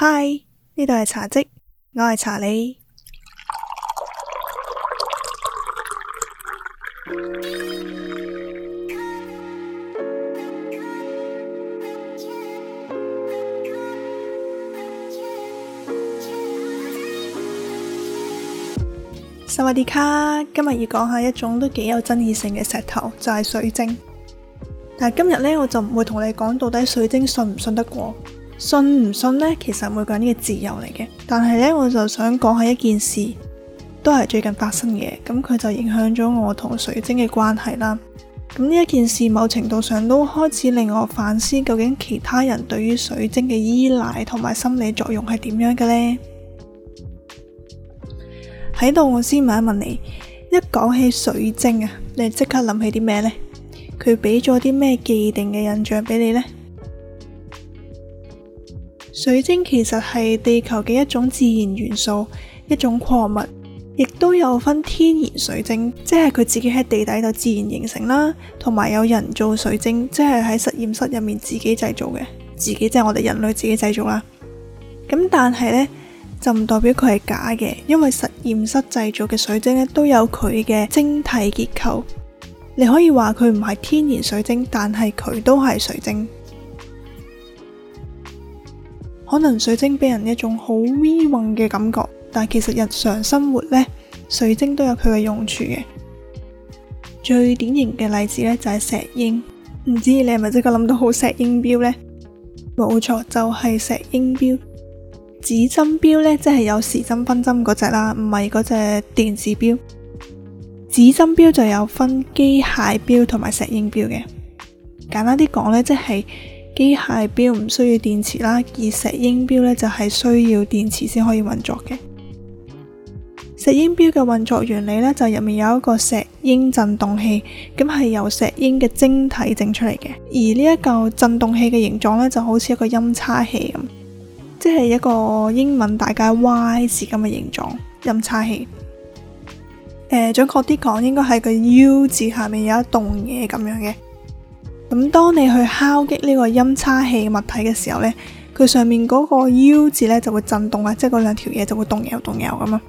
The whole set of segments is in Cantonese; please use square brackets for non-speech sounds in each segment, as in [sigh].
嗨，呢度係茶嘖，我係茶理。薩瓦迪卡，今日要講下一種都幾有爭議性嘅石頭，就係、是、水晶。但係今日咧，我就唔會同你講到底水晶信唔信得過。信唔信呢？其實每個人嘅自由嚟嘅。但係呢，我就想講下一件事，都係最近發生嘅。咁佢就影響咗我同水晶嘅關係啦。咁呢一件事，某程度上都開始令我反思，究竟其他人對於水晶嘅依賴同埋心理作用係點樣嘅呢？喺度，我先問一問你，一講起水晶啊，你即刻諗起啲咩呢？佢俾咗啲咩既定嘅印象俾你呢？水晶其實係地球嘅一種自然元素，一種礦物，亦都有分天然水晶，即係佢自己喺地底度自然形成啦，同埋有，有人造水晶，即係喺實驗室入面自己製造嘅，自己即係我哋人類自己製造啦。咁但係呢，就唔代表佢係假嘅，因為實驗室製造嘅水晶呢都有佢嘅晶體結構，你可以話佢唔係天然水晶，但係佢都係水晶。可能水晶俾人一種好微渾嘅感覺，但其實日常生活呢，水晶都有佢嘅用處嘅。最典型嘅例子呢，就係石英。唔知你係咪即刻諗到好石英表呢？冇錯，就係石英表。指針表呢，即係有時針分針嗰隻啦，唔係嗰隻電子表。指針表就有分機械表同埋石英表嘅。簡單啲講呢，即係。機械錶唔需要電池啦，而石英錶呢就係需要電池先可以運作嘅。石英錶嘅運作原理呢，就入面有一個石英振動器，咁係由石英嘅晶體整出嚟嘅。而呢一嚿振動器嘅形狀呢，就好似一個音叉器咁，即係一個英文大家 Y 字咁嘅形狀，音叉器。誒、呃，準確啲講應該係個 U 字下面有一棟嘢咁樣嘅。咁當你去敲擊呢個音叉器物體嘅時候呢，佢上面嗰個 U 字呢就會震動啊，即係嗰兩條嘢就會動搖、呃、動搖咁啊。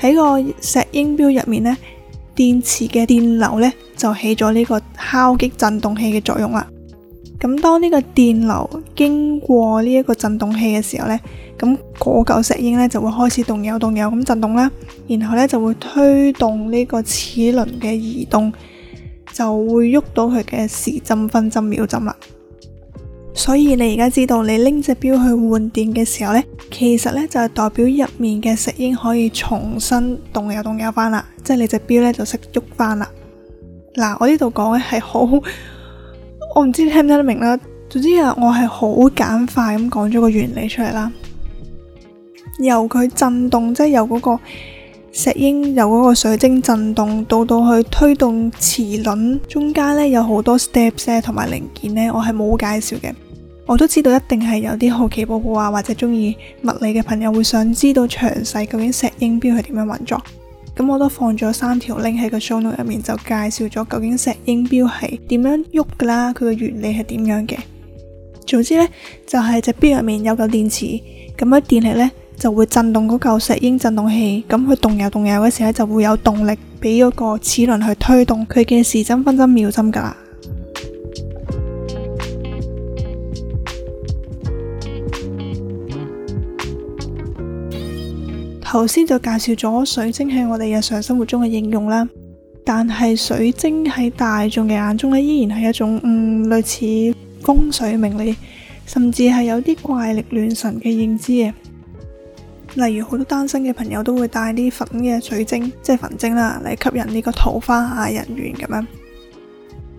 喺個石英錶入面呢，電池嘅電流呢就起咗呢個敲擊震動器嘅作用啦。咁當呢個電流經過呢一個震動器嘅時候呢，咁嗰嚿石英呢就會開始動搖、呃、動搖咁震動啦、呃，然後呢就會推動呢個齒輪嘅移動。就會喐到佢嘅時針、分針、秒針啦。所以你而家知道，你拎隻錶去換電嘅時候呢，其實呢就係代表入面嘅石英可以重新動又動又翻啦，即係你隻錶呢就識喐翻啦。嗱，我呢度講咧係好，我唔知你聽唔聽得明啦。總之啊，我係好簡化咁講咗個原理出嚟啦，由佢震動即係由嗰個。石英由嗰個水晶震動到到去推動磁輪，中間呢有好多 steps 同埋零件呢我係冇介紹嘅。我都知道一定係有啲好奇寶寶啊，或者中意物理嘅朋友會想知道詳細究竟石英錶係點樣運作。咁我都放咗三條 link 喺個 show note 入面，就介紹咗究竟石英錶係點樣喐噶啦，佢嘅原理係點樣嘅。總之呢，就係隻錶入面有嚿電池，咁樣電力呢。就會震動嗰嚿石英震動器，咁佢動又動又嘅時候就會有動力俾嗰個齒輪去推動佢嘅時針、分針、秒針噶啦。頭先就介紹咗水晶喺我哋日常生活中嘅應用啦，但係水晶喺大眾嘅眼中咧，依然係一種嗯類似風水命理，甚至係有啲怪力亂神嘅認知嘅。例如好多單身嘅朋友都會帶啲粉嘅水晶，即係粉晶啦，嚟吸引呢個桃花啊、人緣咁樣。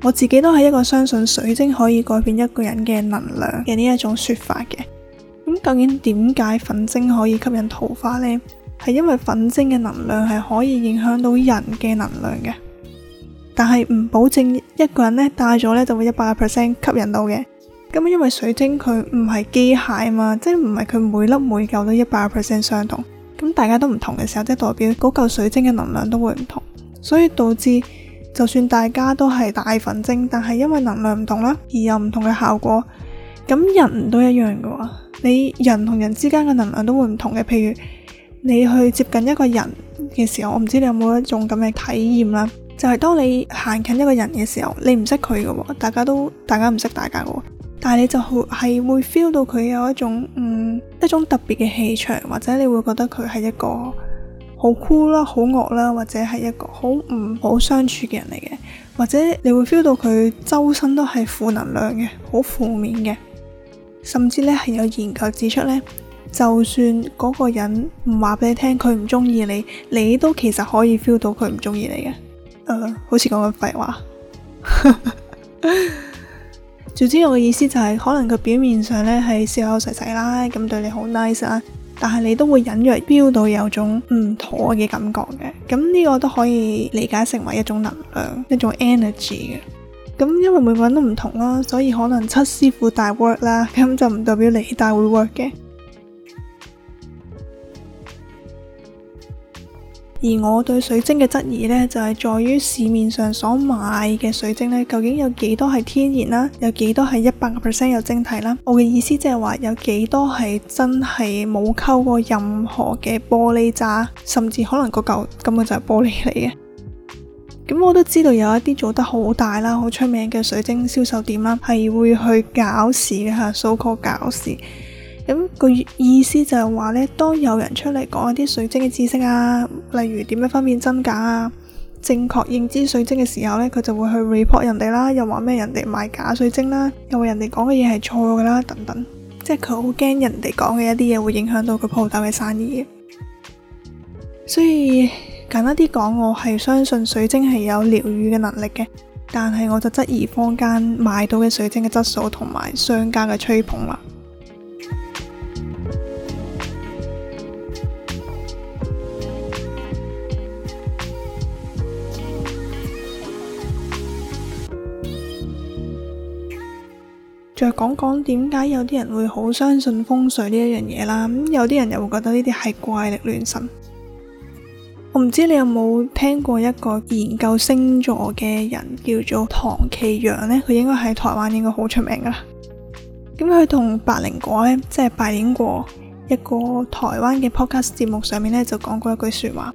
我自己都係一個相信水晶可以改變一個人嘅能量嘅呢一種說法嘅。咁究竟點解粉晶可以吸引桃花呢？係因為粉晶嘅能量係可以影響到人嘅能量嘅，但係唔保證一個人呢帶咗呢就會一百 percent 吸引到嘅。咁啊，因為水晶佢唔係機械啊嘛，即係唔係佢每粒每嚿都一百 percent 相同。咁大家都唔同嘅時候，即係代表嗰嚿水晶嘅能量都會唔同，所以導致就算大家都係大粉晶，但係因為能量唔同啦，而有唔同嘅效果。咁人都一樣嘅話，你人同人之間嘅能量都會唔同嘅。譬如，你去接近一個人嘅時候，我唔知你有冇一種咁嘅體驗啦，就係、是、當你行近一個人嘅時候，你唔識佢嘅，大家都大家唔識大家嘅。但係你就係會,會 feel 到佢有一種嗯，一種特別嘅氣場，或者你會覺得佢係一個好酷啦、好惡啦，或者係一個好唔好相處嘅人嚟嘅，或者你會 feel 到佢周身都係負能量嘅、好負面嘅，甚至咧係有研究指出咧，就算嗰個人唔話俾你聽佢唔中意你，你都其實可以 feel 到佢唔中意你嘅。誒、呃，好似講緊廢話。 [laughs] 總之我嘅意思就係、是，可能佢表面上咧係笑口噬噬啦，咁對你好 nice 啦，但係你都會隱約 feel 到有種唔妥嘅感覺嘅。咁呢個都可以理解成為一種能量，一種 energy 嘅。咁因為每個人都唔同啦，所以可能七師傅大 work 啦，咁就唔代表你大會 work 嘅。而我對水晶嘅質疑呢，就係、是、在於市面上所買嘅水晶呢，究竟有幾多係天然啦，有幾多係一百個 percent 有晶體啦？我嘅意思即係話，有幾多係真係冇溝過任何嘅玻璃渣，甚至可能、個嚿根本就係玻璃嚟嘅。咁我都知道有一啲做得好大啦、好出名嘅水晶銷售店啦，係會去搞事嘅嚇，so called 搞事。咁個意思就係話呢，當有人出嚟講一啲水晶嘅知識啊，例如點樣分辨真假啊，正確認知水晶嘅時候呢，佢就會去 report 人哋啦，又話咩人哋賣假水晶啦，又話人哋講嘅嘢係錯噶啦，等等，即係佢好驚人哋講嘅一啲嘢會影響到佢鋪頭嘅生意。所以簡單啲講，我係相信水晶係有療癒嘅能力嘅，但係我就質疑坊間買到嘅水晶嘅質素同埋商家嘅吹捧啦。再講講點解有啲人會好相信風水呢一樣嘢啦，咁有啲人又會覺得呢啲係怪力亂神。我唔知你有冇聽過一個研究星座嘅人叫做唐綺陽呢，佢應該喺台灣應該好出名噶啦。咁佢同百靈果呢，即係扮演過一個台灣嘅 podcast 節目上面呢，就講過一句說話。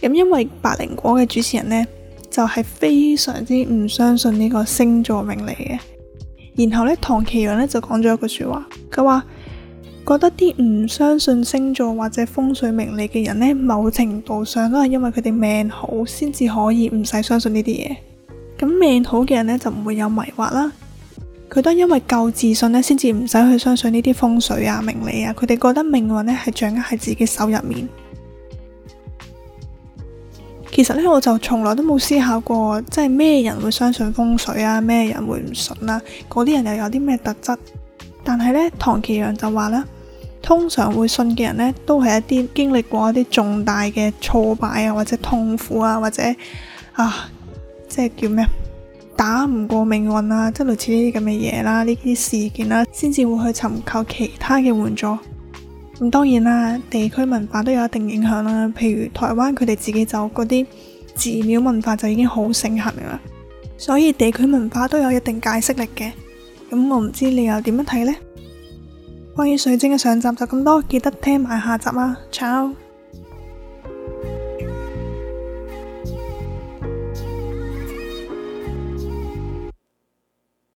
咁因為百靈果嘅主持人呢，就係非常之唔相信呢個星座命嚟嘅。然後咧，唐綺陽咧就講咗一句說話，佢話覺得啲唔相信星座或者風水命理嘅人咧，某程度上都係因為佢哋命好，先至可以唔使相信呢啲嘢。咁命好嘅人呢，就唔會有迷惑啦，佢都因為夠自信咧，先至唔使去相信呢啲風水啊、命理啊，佢哋覺得命運咧係掌握喺自己手入面。其實咧，我就從來都冇思考過，即係咩人會相信風水啊，咩人會唔信啊，嗰啲人又有啲咩特質？但係咧，唐綺陽就話咧，通常會信嘅人咧，都係一啲經歷過一啲重大嘅挫敗啊，或者痛苦啊，或者啊，即係叫咩，打唔過命運啊，即係類似呢啲咁嘅嘢啦，呢啲事件啦、啊，先至會去尋求其他嘅援助。咁當然啦，地區文化都有一定影響啦。譬如台灣佢哋自己走嗰啲寺廟文化就已經好盛行噶啦，所以地區文化都有一定解釋力嘅。咁我唔知你又點樣睇呢？關於水晶嘅上集就咁多，記得聽埋下集啦！Ciao。